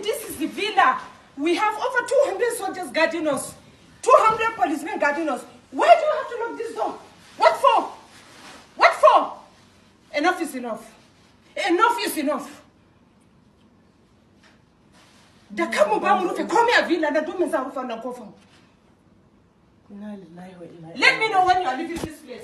This is the villa. We have over 200 soldiers guarding us, 200 policemen guarding us. Why do you have to lock this door? What for? What for? Enough is enough. enough is enough da kanmu ba mu rufe komai a villa na domin za mu rufe wannan kofar let me know when you are leaving this place